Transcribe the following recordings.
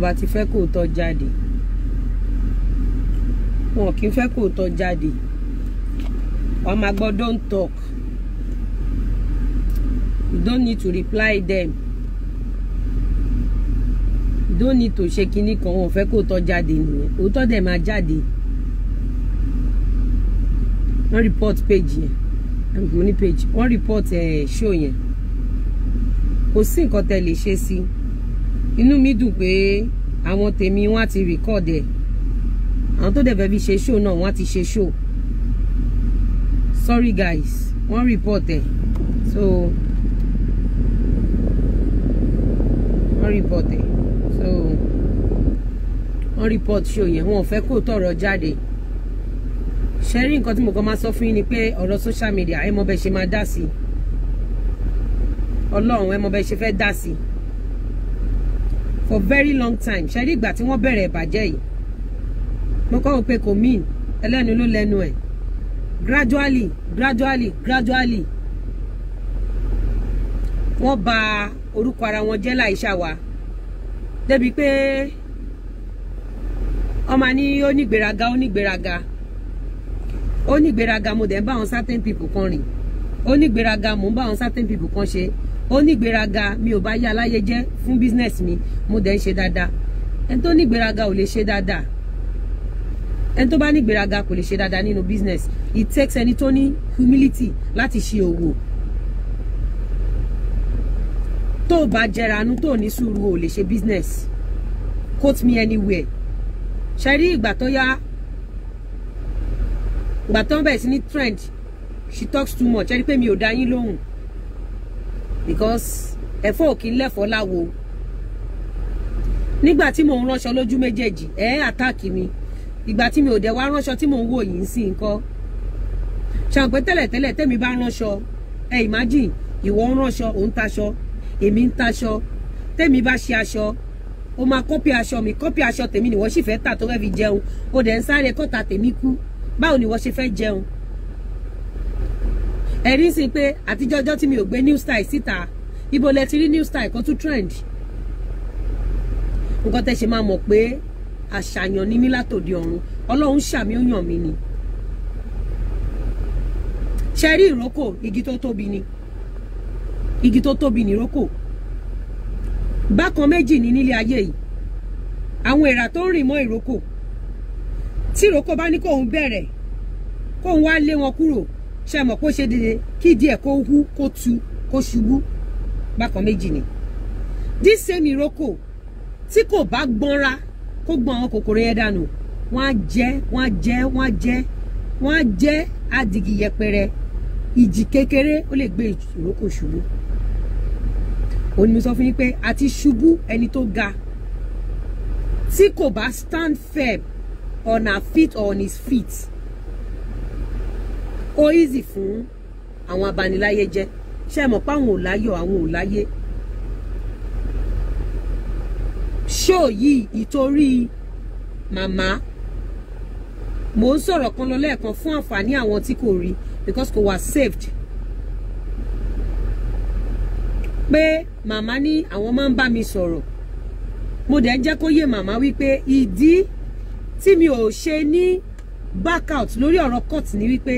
bá ti fẹ́ kó tọ́ jáde wọn kì í fẹ́ kó tọ́ jáde wàá máa gbọ́ don't talk you don't need to reply them you don't need to ṣe kinní kan wọn fẹ́ kó tọ́ jáde nìyẹn òótọ́ dẹ̀ máa jáde wọ́n report page yẹn mo page wọ́n report ẹ̀ eh, show yẹn kò sí nǹkan tẹ́ lè ṣe sí inú mi dùn pé àwọn tèmi wọn á ti record ẹ̀ àwọn tó dẹ̀ fẹ́ ṣe show náà wọ́n á ti ṣe show sorry guys wọ́n report ẹ̀ so wọ́n report ẹ̀ so wọ́n report show yẹn wọn ò fẹ́ kó tọ̀rọ̀ jáde ṣẹ́rí nǹkan tí mo kàn máa sọ fún yín ni pé ọ̀rọ̀ social media ẹ mọ bẹ́ẹ̀ ṣe máa dá sí ọlọ́run ẹ mọ bẹ́ẹ̀ ṣe fẹ́ dá sí i for very long time ṣe rí ìgbà tí wọ́n bẹ̀rẹ̀ ìbàjẹ́ yìí mo kọ́ wọn pé kò mean ẹlẹ́nu ló lẹ́nu ẹ̀ gradually gradually gradually wọ́n bà orúkọ ara wọn jẹ́ láìṣà wa débi pé ọmọ ní onígbéraga onígbéraga onígbéraga mo dẹ̀ ń bá àwọn certain people kan rìn onígbéraga mo ń bá àwọn certain people kan ṣe ó ní ìgbéraga mi ò bá yá aláyé jẹ́ fún business mi mo dẹ̀ ń ṣe dáadáa ẹni tó ní ìgbéraga ò lè ṣe dáadáa ẹni tó bá ní ìgbéraga kò lè ṣe dáadáa nínú business it takes ẹni tó ní humility láti ṣe òwò tó o bá jẹranú tó o ní sùúrù o lè ṣe business quote me anywhere ṣe rí ìgbà tó yá ìgbà tó ń bẹ̀rẹ̀ sí ní trend she talks too much ẹ rí pé mi ò dá yín lóhùn because ẹ̀fọ́ ò kí ń lẹ́fọ́ láwo nígbà tí mò ń ránṣọ lójú méjèèjì ẹ àtàkì mi ìgbà tí mi ò dẹ̀ wá ránṣọ tí mò ń wò yìí sí nǹkan ṣàǹpé tẹ́lẹ̀tẹ́lẹ̀ tẹ́mi bá ránṣọ ẹ imagine ìwọ ń ránṣọ òun taṣọ èmi ń taṣọ tẹ́mi bá ṣe aṣọ o máa kọ́pì aṣọ mi kọ́pì aṣọ tèmi ni wọ́n sì fẹ́ tà tó fẹ́ fi jẹun o dẹ̀ ń sáré kọ́ta tèmi kú báwo ni wọ́n ṣe fẹ́ jẹun ẹ̀rí sí pé àtijọ́ ọjọ́ tí mi ò gbé new style síta ibo lẹ ti rí new style kan tún trend nǹkan tẹ́ ṣe máa mọ̀ pé àṣàyàn ni mí látòde ọ̀run ọlọ́run ṣàmì ó yàn ni ṣe rí ìrókò igi tó tóbi ni igi tó tóbi ni ìrókò bákan méjì ni nílé ayé yìí àwọn èèrà tó ń rìn mọ́ ìrókò tí ìrókò bá ní kóun bẹ̀rẹ̀ kóun wá lé wọn kúrò ṣe mọ̀ kó ṣe dédé kí díẹ̀ kó hú kó tu kó ṣubú bákan méjì ni this same ìrókò tí kò bá gbọ́nra kó gbọ́n àwọn kòkòrò yẹn dànù wọ́n á jẹ́ wọ́n á jẹ́ wọ́n á jẹ́ wọ́n á jẹ́ adìgì yẹpẹrẹ ìjì kékeré ó lè gbé ìrókò ṣubú òun ni mo sọ fún yín pé àti ṣubú ẹni tó ga tí kò bá stand firm on her feet or on his feet ó easy fún àwọn abaniláyé jẹ́ ṣe mọ̀ pé àwọn ò láyọ̀ àwọn ò láyé ṣó yìí ìtorí màmá mò ń sọ̀rọ̀ kan lọ lẹ́ẹ̀kan fún àǹfààní àwọn tí kò rí because kò wá saved pé màmá ní àwọn máa ń bá mi sọ̀rọ̀ mo dẹ̀ jẹ́ kó yé màmá wípé ìdí tí mi ò ṣe ní back out lórí ọ̀rọ̀ court ni wípé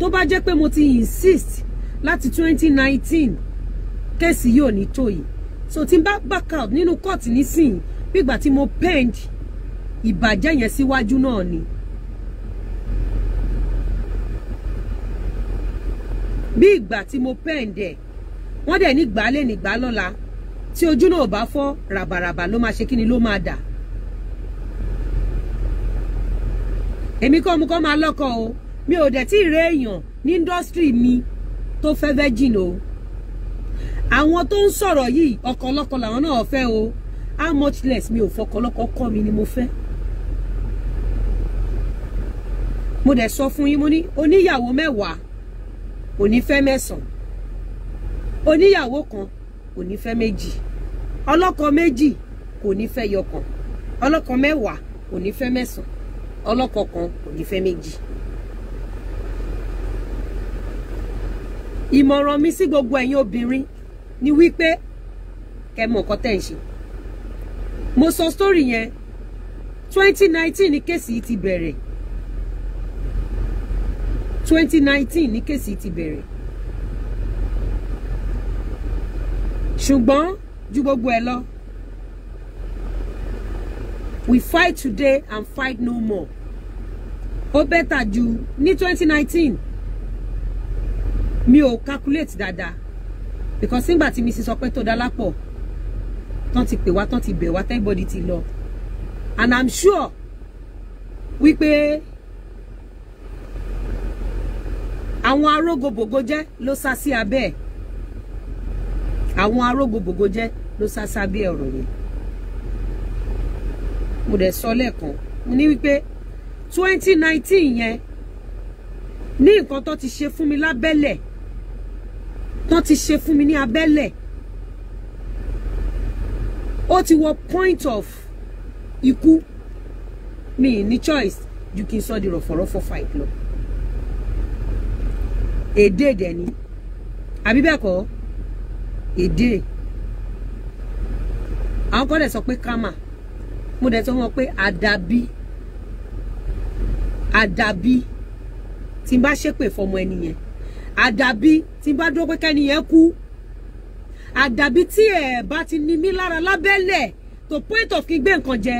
tó bá jẹ́ pé mo ti insist láti 2019 kéèsì yóò ní tó yìí so tí n bá back out nínú court nísìnyí bígbà tí mo pend ìbàjẹ́ yẹn síwájú náà ni. bí ìgbà tí mo pend ẹ̀ wọ́n dẹ̀ ní gbálẹ̀ ní gbálọ́la tí ojú náà bá fọ́ ràbàràbà ló máa ṣe kí ni ló máa dà. èmi kọ́ mu kọ́ máa lọ́kọ̀ o mi ò dẹ̀ tí ì ré èèyàn ní indọ́sítírì mi tó fẹ́ virgin o àwọn tó ń sọ̀rọ̀ yìí ọkọ ọlọ́kọ làwọn náà fẹ́ o how much less mi ò fọkọ ọlọ́kọ kọ́ mi ni mo fẹ́ mo dẹ̀ sọ fún yín mo ní oníyàwó mẹ́wàá òní fẹ́ mẹ́sàn-án oníyàwó kan òní fẹ́ méjì ọlọ́kọ méjì kò ní fẹ́ yọkàn ọlọ́kọ mẹ́wàá òní fẹ́ mẹ́sàn-án ọlọ́kọ kan òní fẹ́ méjì. ìmọ̀ràn mi sí gbogbo ẹ̀yin obìnrin ni wípé kẹ́ mọ̀ nǹkan tẹ́ ń ṣe mo sọ story yẹn twenty nineteen ni kéèsì yìí ti bẹ̀rẹ̀ twenty nineteen ni kéèsì yìí ti bẹ̀rẹ̀ ṣùgbọ́n ju gbogbo ẹ̀ lọ we fight today and fight no more ó bẹ́tà ju ní twenty nineteen mi ò calculate Dada, because nígbà tí Mrs. Ọpẹ́tọ́dálápọ̀ tán ti pè wá tán ti bẹ̀ wá everybody ti lọ and i'm sure wípé àwọn arógbogbò jẹ́ ló lo sí abẹ́ ẹ̀ àwọn arógbogbò jẹ́ ló sá sí abẹ́ ọ̀rọ̀ yẹn mo dẹ̀ sọ lẹ́ẹ̀kan mo ní wípé twenty nineteen yẹn Ni nǹkan tó ti ṣe fún mi lábẹ́lẹ̀ tán ti ṣe fún mi ní abẹ́lẹ̀ ó ti wọ point of ikú mi ní choice ju kí n sọ di rọ̀fọ̀rọ̀fọ̀ fight lọ èdè dẹ̀ ni àbí bẹ́ẹ̀ kọ́ èdè àwọn kan dẹ̀ sọ pé kama mo dẹ̀ sọ wọn pé àdàbí àdàbí tí n bá ṣépè fọmọ ẹni yẹn àdàbí tí n bá dúró pé kẹ́ni yẹn kú àdàbí tí ẹ̀ bá ti ní mí lára lábẹ́lẹ̀ to point of kí gbé nǹkan jẹ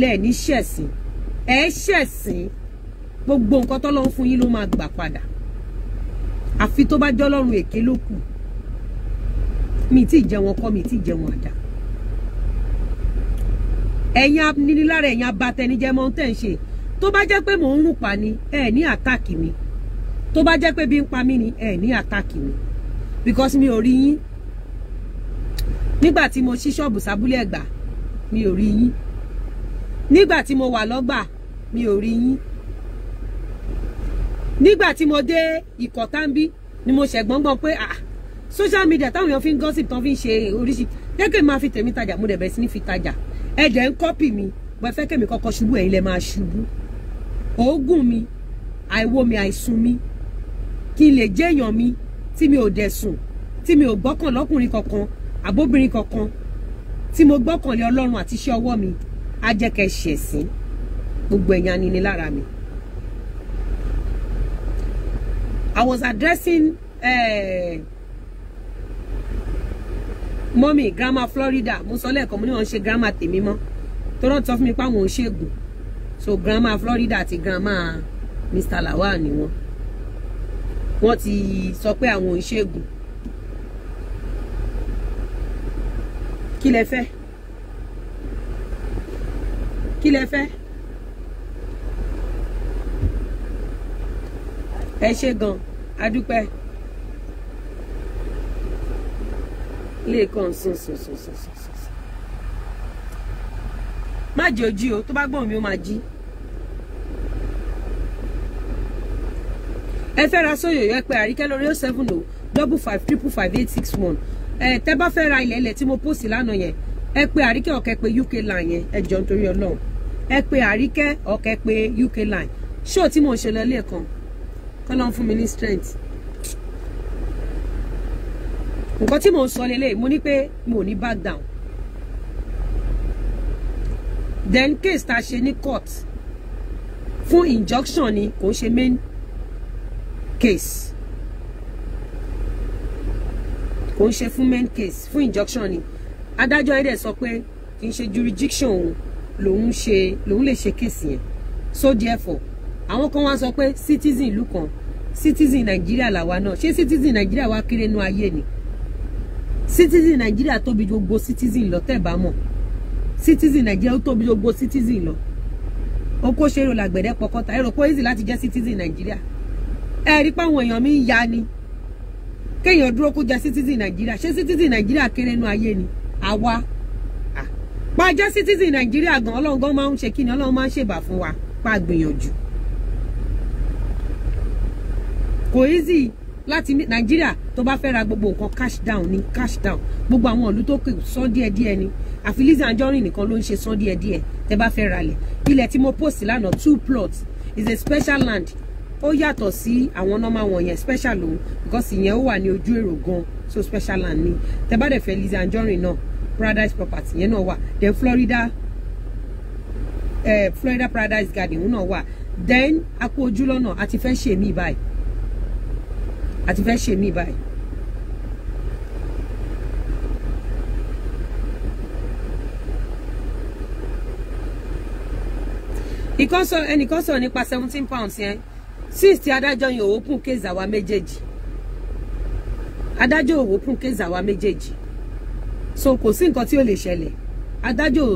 lẹ́ẹ̀ ní ṣẹ̀sìn ẹ̀ ṣẹ̀sìn gbogbo nǹkan tọ́lọ́run fún yín ló máa gbà padà àfi tó bá jọlọ́run èké ló kù mi ti jẹun ọkọ mi ti jẹun àdá ẹ̀yin nínilára ẹ̀yin abatẹnijẹmọ tẹ̀ ń ṣe tó bá jẹ́ pé mò ń rùpa ni ẹ̀ ní àtàkì mi tó bá jẹ́ pé bí ń pa mí ni ẹ ní àtàkì mi because mi ò rí yín nígbà tí mo ṣí ṣọ́ọ̀bù sábúlé ẹ̀gbà mi ò rí yín nígbà tí mo wà lọ́gbà mi ò rí yín nígbà tí mo dé ìkọ̀tàǹbí ni mo ṣẹ̀gbọ́ngbọ́n pé ah social media táwọn èèyàn fi ń gossip tán fi ń ṣe oríṣi jẹ́kẹ́ máa fi tèmi tajà mo dẹ̀ bẹ̀rẹ̀ sí ní fi tajà ẹ dẹ̀ ń kọ́pì mi bẹ́ẹ̀ fẹ́ kẹ́mi kọ́kọ́ ṣubú ẹ̀yin lẹ máa ṣubú òógùn mi àìwo mi àìsun mi kí n lè jẹ́ èèyàn mi tí mi ò dẹ̀ tí mi ò gbọ́kàn lọ́kùnrin kankan àbóbìnrin kankan tí mo gbọ́kànlé ọlọ́run àti iṣẹ́ ọwọ́ mi á jẹ́ kẹ́ ṣẹ̀sín gbogbo ẹ̀yàn anini lára mi. I was addressing uh, mọ́mì grandma Florida mo sọ lẹ́ẹ̀kan mo ní wọ́n ṣe grandma tèmi mọ́ tó rán tọ́ fún mi pé àwọn ò ṣègùn so grandma Florida àti grandma Mr. Lawal ni wọ́n wọ́n ti sọ pé àwọn ń ṣègùn kí lẹ fẹ́ kí lẹ fẹ́ ẹ ṣé gan adúpẹ́ lẹ́ẹ̀kan sùn sùn sùn sùn sùn má jẹ́ ojú o tó bá gbọ́n mi ó máa jí. ẹ fẹ́ ra sóyò yẹ pé àríkẹ́ lórí ó oh seven o double five triple five eight six one ẹ tẹ́ bá fẹ́ ra ilẹ̀ ilẹ̀ tí mo post lánàá yẹn ẹ pé àríkẹ́ ọ̀kẹ́ pé UK line yẹn ẹ jọ nítorí ọlọ́run ẹ pé àríkẹ́ ọ̀kẹ́ pé UK line ṣó tí mo ṣe lọ ilé kan kọ́ ló ń fún mi ní strength nǹkan tí mò ń sọ lélẹ̀ mo ní pé mo ní back down then case ta ṣe ní court fún injunction ni kò ṣe main case kò ń ṣe fún main case fún injunction ni adájọ́ ẹ̀dẹ̀ sọ pé kì í ṣe jurisdiction òun lòun ṣe lòun lè ṣe case yẹn so therefore àwọn kan wá sọ pé citizen ìlú kan citizen nàìjíríà làwa náà ṣé citizen nàìjíríà wá kéré nú ayé ni citizen nàìjíríà tóbi gbogbo citizen lọ tẹ́ bá mọ̀ citizen nàìjíríà ó tóbi gbogbo citizen lọ okó ṣeré làgbẹ̀dẹ́ pọkọta ẹ rò pé easy láti jẹ́ citizen nàìjíríà ẹ rí páwọn èèyàn mi ń ya ni kéèyàn dúró kó jẹ citizen nàìjíríà ṣé citizen nàìjíríà kéré nú ayé ni àwa pa ah. jẹ citizen nàìjíríà gan ọlọ́run gan máa ń ṣe kí ni ọlọ́run máa ń ṣèbà fún wa pa gbìyànjú kò easy láti nàìjíríà tó bá fẹ́ ra gbogbo nǹkan cash down ni cash down gbogbo àwọn ìlú tó kù sán díẹ̀ díẹ̀ ni àfi Lizzy Anjorin nìkan ló ń ṣe sán díẹ̀ díẹ̀ tẹ́ bá fẹ́ ralẹ̀ ilẹ̀ tí mo post lánàá two plots is a special land ó yàtọ̀ sí àwọn normal wọn yẹn special lòun because ìyẹn ó wà ní ojú èrò gan so special land ni tẹ́ bá dẹ̀ fẹ́ Lizzy Anjorin náà Paradise Property yẹn náà wà then Florida eh, Florida Paradise Garden náà wà then akó ojú lọ́nà àti fẹ́ ṣe mí báyìí àti fẹ́ ṣe mí báyìí. ìkọ́sọ̀ ẹnìkan sọ̀rọ̀ nípa seventeen pounds yẹn since ti adájọ́ yẹn òwòkùn kéèzì àwa méjèèjì adájọ́ òwòkùn kéèzì àwa méjèèjì so kò sí nǹkan tí ó lè ṣẹlẹ̀ adájọ́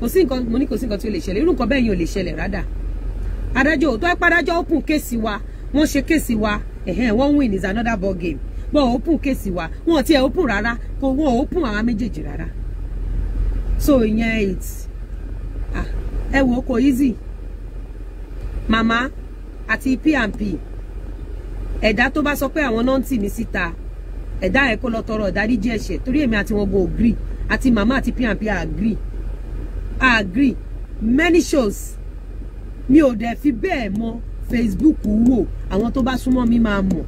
kò sí nǹkan mo ní kò sí nǹkan tí ó lè ṣẹlẹ̀ irú nǹkan bẹ́ẹ̀ yẹn ò lè ṣẹlẹ̀ rádà adájọ́ òótọ́ ẹ padájọ́ òpùn kéèsì wa wọ́n ṣe kéèsì wa ẹ̀hẹ́n wọ́n win is another ball game wọ́n òpùn kéèsì wa wọ́n tiẹ̀ òpùn rárá kò wọ́n òpùn àwa méjèèjì rárá so ìyẹn it ah, ẹ wò ó easy mama àti pnp ẹ̀dá tó bá sọ pé àwọn náà ń tì mí síta ẹ̀dá ẹ̀ kó lọ tọrọ ìdáríjì ẹ̀ṣẹ̀ torí èmi àti wọn go agree àti màmá àti pnp agree agree many shows mi ò dẹ̀ fi bẹ́ẹ̀ mọ facebook wò àwọn tó bá súnmọ́ mi máa mọ̀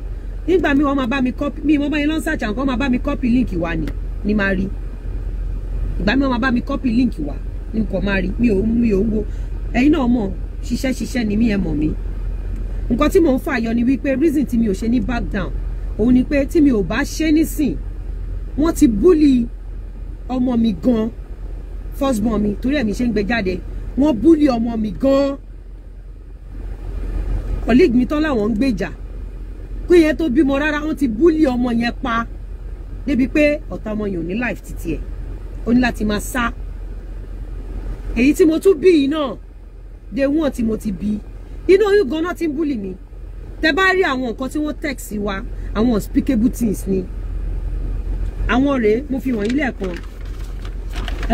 nígbà mi wọ́n máa bá mi copy mi wọ́n bá yẹn lọ search àwọn máa bá mi copy link wa ni ni máa rí ìgbà mi wọ́n máa bá mi copy link wa ni kò máa rí mi ò mi ò wo ẹ̀yin náà mọ̀ ṣiṣẹ́ ṣiṣẹ́ ni mi ẹ̀ mọ̀ mi nǹkan tí mò ń fàyọ ni wípé reason tí mi ò ṣe ní back down òun ni pé tí mi ò bá ṣe nísìn wọ́n ti búlì ọmọ mi gan first born mi torí ẹ̀mí ṣe ń gbé jáde wọ́n búlì ọmọ mi gan colleague mi tán làwọn ń gbèjà pé yẹn tó bímọ rárá wọ́n ti búlì ọmọ yẹn pa débi pé ọ̀tá ọmọ yẹn ò ní life títí ẹ̀ ó ní láti máa sá èyí tí mo tún bí yìí náà dé wọ́n tí mo ti bí i inú oyún gan-an ti ń búlì mi tẹ bá rí àwọn nǹkan tí wọ́n text wa àwọn speakable things ni àwọn rèé mo fi wọ̀nyí lẹ́ẹ̀kan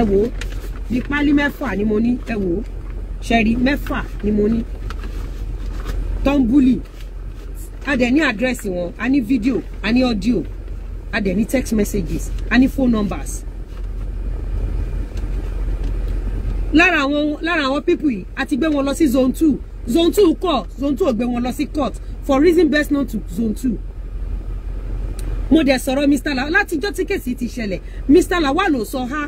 ẹ wò ó bí pálí mẹ́fà ni mo ní ẹ wò ó ṣẹ́rí mẹ́fà ni mo ní tó ń búlì a dẹ̀ ní àdírẹ́sì wọn a ní fídíò a ní ọ́díò a dẹ̀ ní text messages a ní phone numbers. lára àwọn lára àwọn pípù yìí a ti gbé wọn lọ sí zone two zone two kọ zone two ò gbé wọn lọ sí court for reason best known to zone two mo dẹ̀ sọ̀rọ̀ mr lawal látijọ́ tí kèsì ti ṣẹlẹ̀ mr lawal ò sọ ha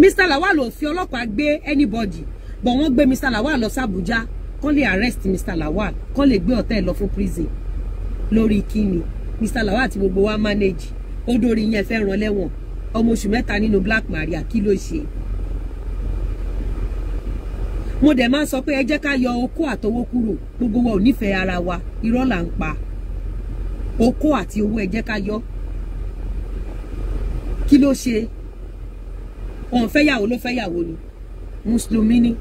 mr lawal ò fi ọlọ́pàá gbé anybody bọ̀ wọ́n gbé mr lawal lọ sàbújá kán lè arrest mr lawal kán lè gbé ọ̀tá ẹ̀ lọ fún prison lórí kíni mr lawal àti gbogbo wa manage ó dórí yẹn fẹ́ ràn lẹ́wọ̀n ọmọ oṣù mẹ́ta nínú black maria kí ló ṣe mo dẹ̀ máa ń sọ pé ẹ jẹ́ ká yọ okó àtowó kúrò gbogbo wa ò nífẹ̀ẹ́ ara wa irọ́ là ń pa okó àti owó ẹ jẹ́ ká yọ kí ló ṣe òun fẹ́yàwó ló fẹ́yàwó ni mùsùlùmí ni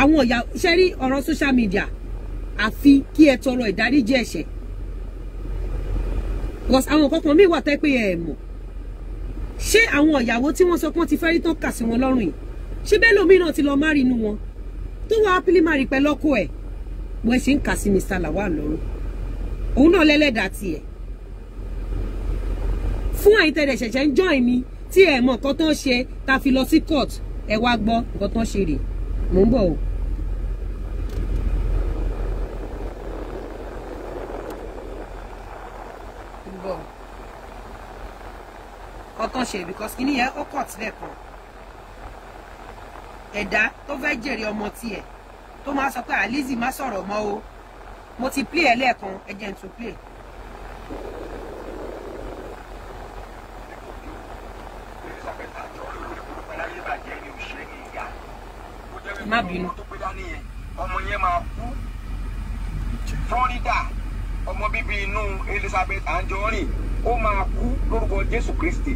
àwọn ọ̀yà ṣe ọ̀rọ̀ social media àfi kí ẹ tọrọ ìdáríjì ẹ̀ṣẹ̀ because àwọn kankan míì wà tẹ́ pé ẹ mọ̀ ṣé àwọn ọ̀yàwó tí wọ́n sọ pé wọ́n ti fẹ́ rí tán kà sí wọn lọ́rùn yìí ṣé bẹ́ẹ̀ lómi náà ti lọ má rí inú wọn tó wọ́n happily má rí pẹ́ lọ́kọ ẹ̀ bó ẹ ṣe ń kà sí Mr. Lawal lọ́rùn òun náà lẹ́lẹ́dàá tiẹ̀ fún àyín tẹ̀lẹ̀ ṣẹ̀ṣẹ̀ ń join mi tí ẹ̀ mọ̀ nǹkan tó ń ṣe ta fi lọ sí court ẹ wá gbọ́ nǹkan tó ń ṣe rèé mò ń bọ̀ o. ọkàn ṣe because kìnìyẹn ó kọ̀ tilẹ̀ kan ẹ̀dá tó fẹ́ jèrè ọmọ tiẹ̀ tó máa sọ pé alizi má sọ̀rọ̀ mọ́ o mo ti play ẹ̀ lẹ́ẹ̀kan ẹ jẹ́ n tún play. má bínú. florida ọmọ bíbí inú elizabeth anjorin ó máa kú lórúkọ jésù kristi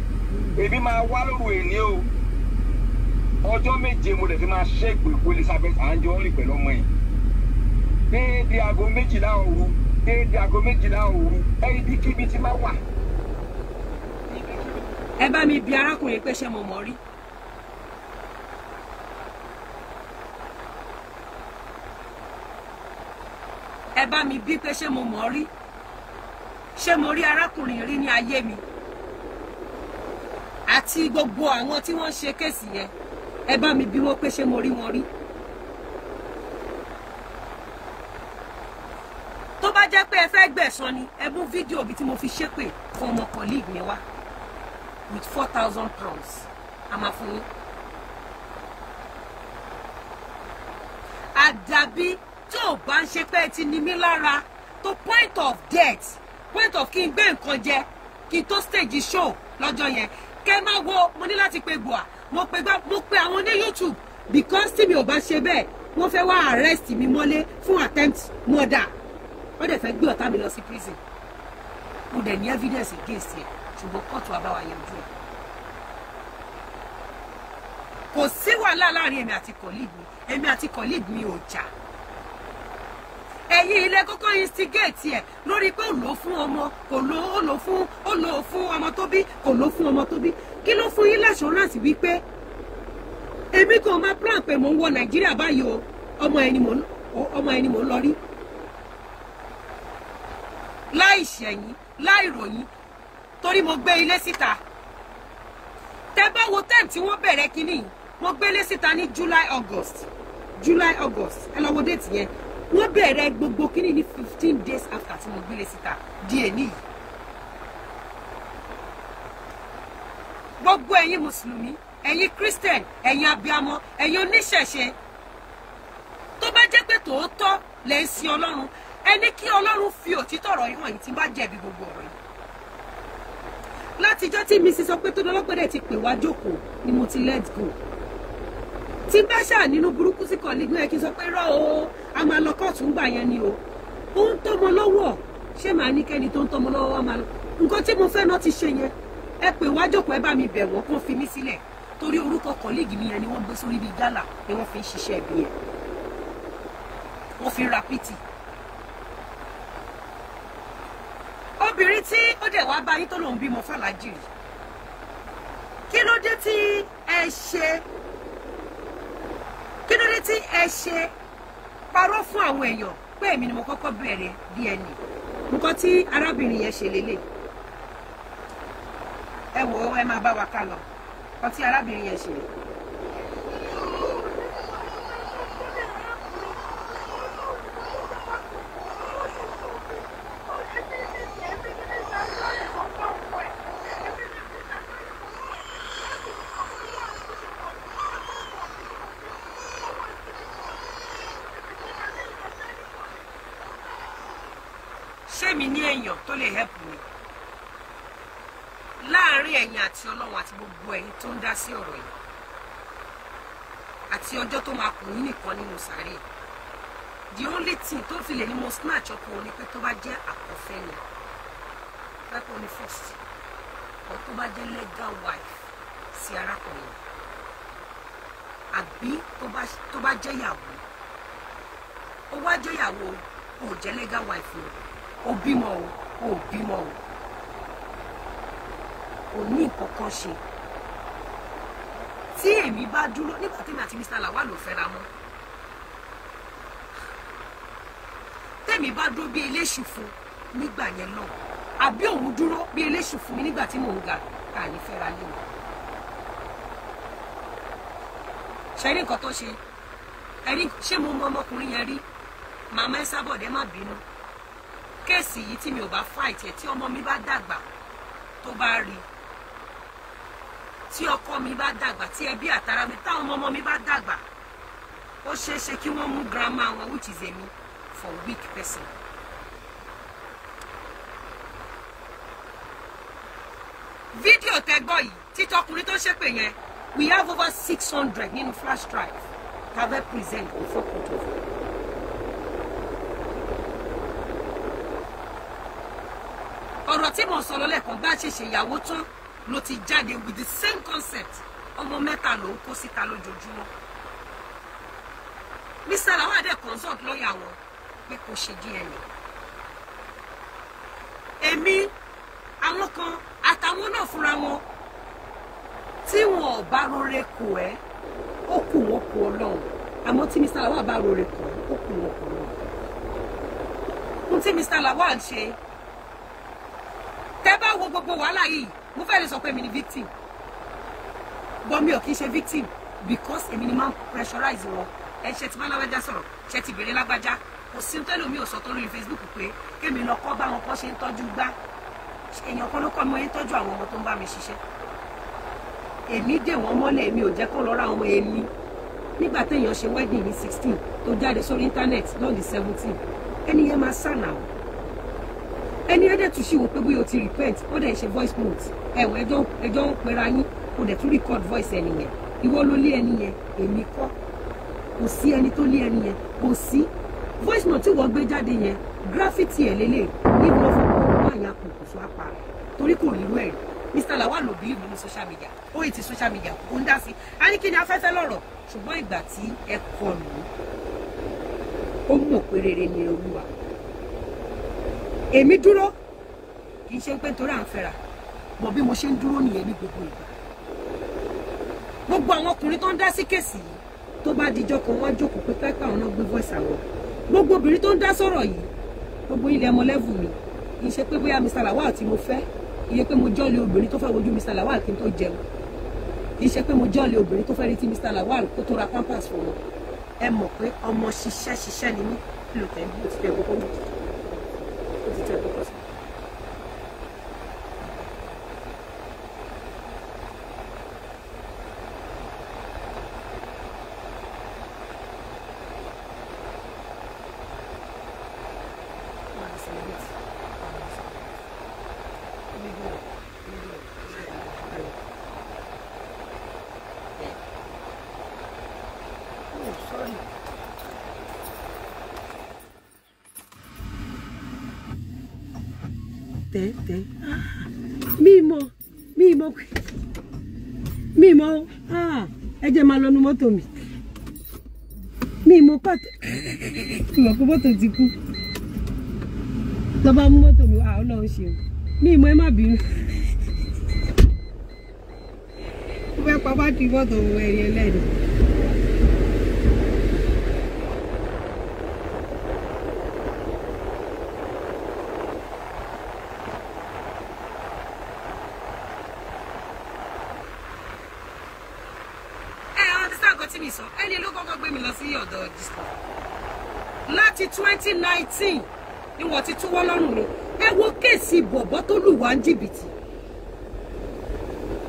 èmi máa wá lóru èní o ọjọ́ méje mo lè fi máa ṣẹ́gun ìkó Elizabeth Anjorin rìn pẹ̀lú ọmọ yìí déédéé aago méjìlá òru déédéé aago méjìlá òru ẹ ibi kíbi tí máa wà. ẹ bá mi bi arákùnrin pé ṣé mo mọ̀ rí. ẹ bá mi bí pé ṣé mo mọ̀ rí ṣé mo rí arákùnrin rí ní ayé mi àti gbogbo àwọn tí wọ́n ń ṣe kéèsì yẹn ẹ bá mi bí wọ́n pé ṣé mo rí wọn rí. tó bá jẹ́ pé ẹ fẹ́ gbẹ̀san ni ẹ mú fídíò bíi tí mo fi ṣépè fún ọmọ colleague mi wá with four thousand pounds a máa fún yín. àdàbí tí ò bá ń ṣe pé ẹ ti ní mí lára to point of death point of kí n gbé nǹkan jẹ kí n tó stage show lọ́jọ́ yẹn kẹ́ ẹ má wo mo ní láti pe gbòà mo pe gbá mo pe àwọn ní YouTube because tí mi ò bá ṣe bẹ́ẹ̀ wọ́n fẹ́ wá arrest mi mọ́lé fún attempt murder wọ́n dẹ̀ fẹ́ gbé ọ̀tá mi lọ sí prison mo dẹ̀ ní evidence against ẹ̀ ṣùgbọ́n kóòtù àbáwá yanjú ẹ̀ kò sí wàhálà láàrin èmi àti colleague mi èmi àti colleague mi ò jà ẹ̀yin ilé kọ́kọ́ instigate ẹ̀ lórí pé ò lò fún ọmọ kò lò ó lò fún ó lò fún ọmọ tó bí kò lò fún ọmọ tó bí kí ló fún assurance wípé èmi kò máa plan pé mò ń wọ nàìjíríà báyìí o ọmọ ẹni mò ń ọmọ ẹni mò ń lọ rí láì ṣẹ̀yìn láì ròyìn torí mo gbé ilé síta tẹ bá wo time tí wọ́n bẹ̀rẹ̀ kínní mo gbé ilé síta ní July August July August ẹ lọ wo déètì yẹn wọ́n bẹ̀rẹ̀ gbogbo kínní ní fifteen days after tí mo gbé ilé síta díẹ̀ níyì gbogbo ẹ̀yin mùsùlùmí ẹ̀yin christian ẹ̀yin abiamọ ẹ̀yin oníṣẹ̀ṣe tó bá jẹ́ pé tòótọ́ lè ń sin ọlọ́run ẹni kí ọlọ́run fi òtítọ́ ọ̀rọ̀ yìí hàn yìí tí bá jẹ̀bi gbogbo ọ̀rọ̀ yìí látijọ́ tí mrs sọ pé tó lọ́lọ́pẹ̀dẹ̀ ti pè wá jókòó ni mo ti let go tí bá ṣáà nínú burúkú sí kọ̀ọ̀lìgbìn ẹ̀ kí n sọ pé rọ́ o a máa lọ kóòtù ń gbà yẹn ni o ó ń tọmọ lọ́wọ́ ṣé màá ní kẹ́ni tó ń tọmọ lọ́wọ́ máa lọ nǹkan tí mo fẹ́ náà ti ṣe yẹn ẹ pè wá jókòó ẹ bá mi bẹ̀ wọ́n kó fi mí sílẹ̀ torí orúkọ kọ̀líìgì mi yẹn ni wọ́n gbé sórí bíi gálà ni wọ́n fi ń ṣiṣẹ́ ibi yẹn wọ́n fi ra pìtì. obìnrin tí ó dẹ̀ wá bá yín tó lòun bímọ fàlájì rí kí ló dé tí ẹ ṣe kí ló dé tí ẹ ṣe parọ́ fún àwọn èèyàn pé èmi ni mo kọ́kọ́ bẹ̀rẹ̀ bí ẹni nǹkan tí arábìnrin yẹn ṣe lélẹ̀ ẹ wò ó ẹ máa bá wa ká lọ ọtí arábìnrin yẹn ṣe. ṣé mi ní èèyàn tó lè help lórí ẹ̀yin àti ọlọ́run àti gbogbo ẹ̀yin tó ń dá sí ọ̀rọ̀ yìí àti ọjọ́ tó máa kù yín nìkan nínú sàárè the only thing tó fi lè ní mo snatch ọkọ ni pé tó bá jẹ́ àkọ́fẹ́ ni pẹ́pọ̀ ni first ọ̀ tó bá jẹ́ legal wife sí arákùnrin àbí tó bá jẹ́ ìyàwó ó wá jẹ́ ìyàwó o ò jẹ́ legal wife o ò bímọ o ò bímọ o kò ní nǹkan kan ṣe tí èmi bá dúró nígbà tèmi àti Mr. Lawal ò fẹ́ra mọ́ tèmi bá dúró bí eléṣù fún nígbà yẹn náà àbí òun dúró bí eléṣù fún mi nígbà tí mò ń ga ká ní fẹ́ra lé mi ṣẹ́rí nǹkan tó ṣe ẹ̀rí ṣé mo mọ ọmọkùnrin yẹn rí màmá ẹ sábọ̀dẹ́ má bínú kéèsì yìí tí mi ò bá fáìtì ẹ̀ tí ọmọ mi bá dàgbà tó bá rí i tí ọkọ mi bá dàgbà tí ẹbí àtàrà mi táwọn ọmọ mi bá dàgbà ó ṣeé ṣe kí wọ́n mú grandma wọn which is èmi for weak person. fídíò tẹ́gbọ́ yìí títọ́kùnrin tó ṣépè yẹn we have over six hundred nínú flash drive ta fẹ́ present before court of law. ọ̀rọ̀ tí mo sọ̀rọ̀ lẹ́kọ̀ọ́ bá ṣe ṣèyàwó tán ló ti jáde with the same concept ọmọ mẹ́ta ló ń kó síta lójoojúmọ́ Mr. Lawal consult lọ́ọ̀yà wọn pé kò ṣe DNA èmi àwọn kan àtàwọn náà fúnra wọn tí wọn ò bá rore kù ẹ́ ó kù wọn kù ọlọ́run àmọ́ tí Mr. Lawal bá rore kù ẹ́ ó kù wọn kù ọlọ́run ohun tí Mr. Lawal ṣe gbogbo wàhálà yìí mo fẹ́ lè sọ pé èmi ni victim but mi ò kí ń ṣe victim because èmi ni máa ń pressurize wọn ẹ ṣe ti máa lágbájá sọ̀rọ̀ ṣe ti bèrè lágbájá kò sí tẹ́lẹ̀ mi ò sọ tó lórí Facebook pé kémi lọ kọ́ bá wọn kọ́ ṣe ń tọ́jú gbá èèyàn kan ló kọ́ mọ́ ẹ ń tọ́jú àwọn ọmọ tó ń bá mi ṣiṣẹ́ èmi dè wọ́n mọ́lẹ̀ èmi ò jẹ́ kó lọ́ra àwọn èmi nígbà téèyàn ṣe wedding ní sixteen tó jáde sórí internet lọ́ọ̀dì seventeen ẹni yẹn máa sàn àwọn ẹni ẹ̀dẹ̀ tún ṣì wò pé bóyá o ti repent ó dẹ̀ ṣe voice note ẹ̀wọ̀ ẹjọ́ ẹjọ́ ń pera yín o dẹ̀ tún record voice ẹni yẹn ìwọ ló lé ẹni yẹn èmi kọ́ kò sí ẹni tó lé ẹni yẹn kò sí voice note tí wọ́n gbé jáde yẹn graffiti ẹ̀ lélẹ̀ nígbà wọ́n fọwọ́ wọ́n àyàn kò kò sọ apá torí kò rí rẹ̀ Mr. Lawal ló believe nínú social media ó yìí ti social media kò ń dá sí a ní kí ni afẹ́fẹ́ lọ́rọ̀ ṣùgbọ́n ìgbà tí ẹ kọlù ó mọ̀ pé rere ni olúwa èmi dúró kì í ṣe pé torí à ń fẹ́ra bọ̀ bí mo ṣe ń dúró nìyẹn ní gbogbo ìgbà gbogbo àwọn ọkùnrin tó ń dá sí kèsì yìí tó bá dijọ́ kan wọ́n jókòó pé pẹ́pẹ́ àwọn náà gbé voice àwọn gbogbo obìnrin tó ń dá sọ̀rọ̀ yìí gbogbo ilẹ̀ ọmọ lẹ́vù mi kì í ṣe pé bóyá Mr. Lawal tí mo fẹ́ iye pé mo jọ́lé obìnrin tó fẹ́ wojú Mr. Lawal kí n tó jẹun kì í ṣe pé mo jọ́lé obìnrin tó fẹ́ retí Mr. Lawal kó tó ra pampers fún wọn ẹ mọ̀ pé ọmọ ṣiṣẹ́ ṣiṣẹ́ ni mí lò tẹ́ bí o ti fẹ́ gbogbo mi. 注意してください。tee tee mímọ mímọ mímọ mi mimo ah, pàtó ìwọ̀n ti kú lọ́ba moto mi wá ọlọ́run ṣeun mímọ ẹ má bínú. sọ ẹni ló kọ́kọ́ gbé mi lọ sí ọ̀dọ̀ disco láti twenty nineteen ni wọ́n ti túwọ́ lọ́rùn mi ẹ wo kéèsì bọ̀bọ́ tó lù wá ń jìbìtì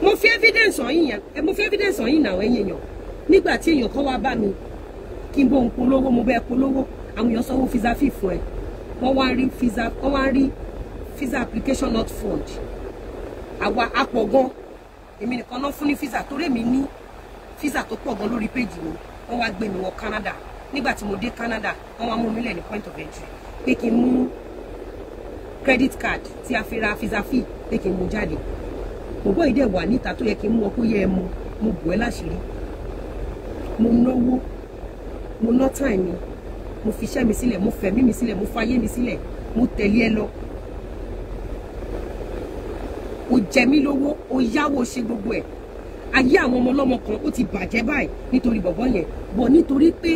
mo fi evidence ọ̀yìn yẹn mo fi evidence ọ̀yìn náà ẹ̀yìn èèyàn nígbà tí èèyàn kan wá bá mi kí n bó ń polówó mo bẹ́ẹ̀ polówó àwọn èèyàn sanwó visa fee fún ẹ wọ́n wá rí visa wọ́n wá rí visa application not found àwa apọ̀ gan èmi nìkan náà fún ní visa torí èmi ní físà tó pọ̀ gan lórí péjì mi wọ́n wá gbé mi wọ Canada nígbà tí mo dé Canada wọ́n wá mú mi lẹ̀ ní point of entry pé kí n mú credit card tí a fi ra visa fee pé kí n mú jáde bòbọ́ ìdẹ̀ wà níta tó yẹ kí n mú ọkọ yẹ ẹ mu mo bù ẹ́ láṣìírí mo náwó mo ná time mi mo fi iṣẹ́ mi sílẹ̀ mo fẹ̀mí mi sílẹ̀ mo fayé mi sílẹ̀ mo tẹ̀lé ẹ lọ o jẹ mí lówó o yáwó ṣe gbogbo ẹ̀ ayé àwọn ọmọ ọlọ́mọ kan ó ti bàjẹ́ báyìí nítorí bọ̀bọ́ yẹn bọ̀ nítorí pé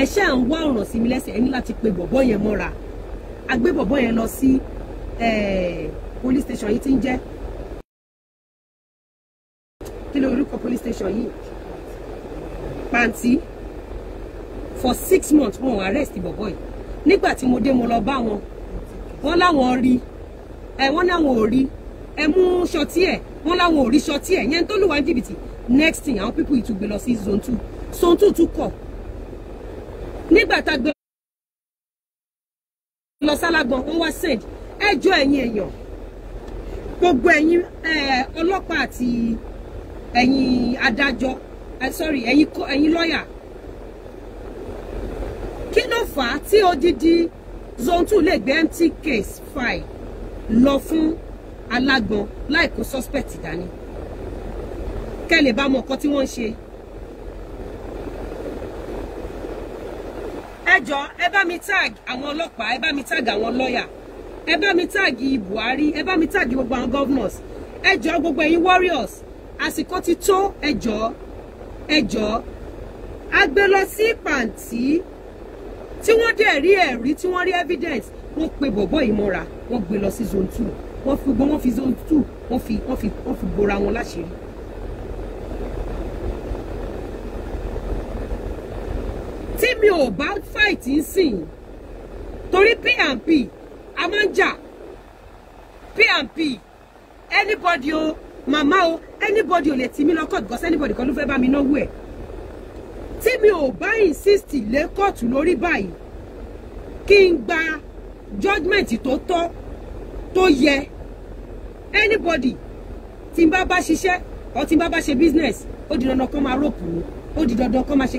ẹ ṣáà ń wá ọ̀ràn sí mi lẹ́sẹ̀ ẹ ní láti pe bọ̀bọ́ yẹn mọ́ra a gbé bọ̀bọ́ yẹn lọ sí police station yìí ti ń jẹ́ kí ló orúkọ police station yìí pàǹtí for six months wọn ò arrest bọ̀bọ́ yìí nígbà tí mo dé mo lọ bá wọn wọn láwọn rí ẹ wọn láwọn ò rí ẹ mú ṣọtí ẹ̀ wọ́n láwọn ò rí ṣọtí ẹ̀ yẹn tó lù wá ní jìbìtì next thing àwọn people ìtúgbé lọ sí zone two zone two tún kọ̀ nígbà tá a gbé lọ sálágbọ̀n wọ́n wá send ẹjọ́ ẹ̀yin èèyàn gbogbo ẹ̀yin ọlọ́pàá àti ẹ̀yin adájọ́ sorry ẹ̀yin lọ́yà kí ló fà á tí odidi zone two lè gbé empty case file lọ fún alágbọn láì kó suspect dání kẹ́lẹ̀ bá mọ nǹkan tí wọ́n ń ṣe. ẹ jọ ẹ bá mi tag àwọn ọlọ́pàá ẹ bá mi tag àwọn lọ́ọ̀yà ẹ bá mi tag Buhari ẹ bá mi tag gbogbo àwọn governors ẹ jọ gbogbo ẹ̀yin warriors àsìkò ti tó ẹ jọ ẹ jọ a gbé lọ sí pàǹtí tí wọ́n dẹ̀ rí ẹ̀rí tí wọ́n rí evidence wọ́n pe bọ̀bọ́ ìmọ̀ra wọ́n gbé lọ sí zone two wọ́n fi gbọ́n wọ́n fi zone two wọ́n fi wọ́n fi bora wọn láṣìírí. tí mi ò bá fight ń torí pnp a máa ń jà pnp anybody o màmá o anybody ò lè tì mí lọ court because anybody kan ló fẹ́ bá mi náwó ẹ̀ tí mi ò bá insist lé kóòtù lórí báyìí kí n gba judgement tó tọ́ tó yẹ anybody tí n bá bá ṣiṣẹ́ ọ tí n bá bá ṣe business ó di dandan kán máa rọ́ọ̀pù mi ó di dandan kán máa ṣe.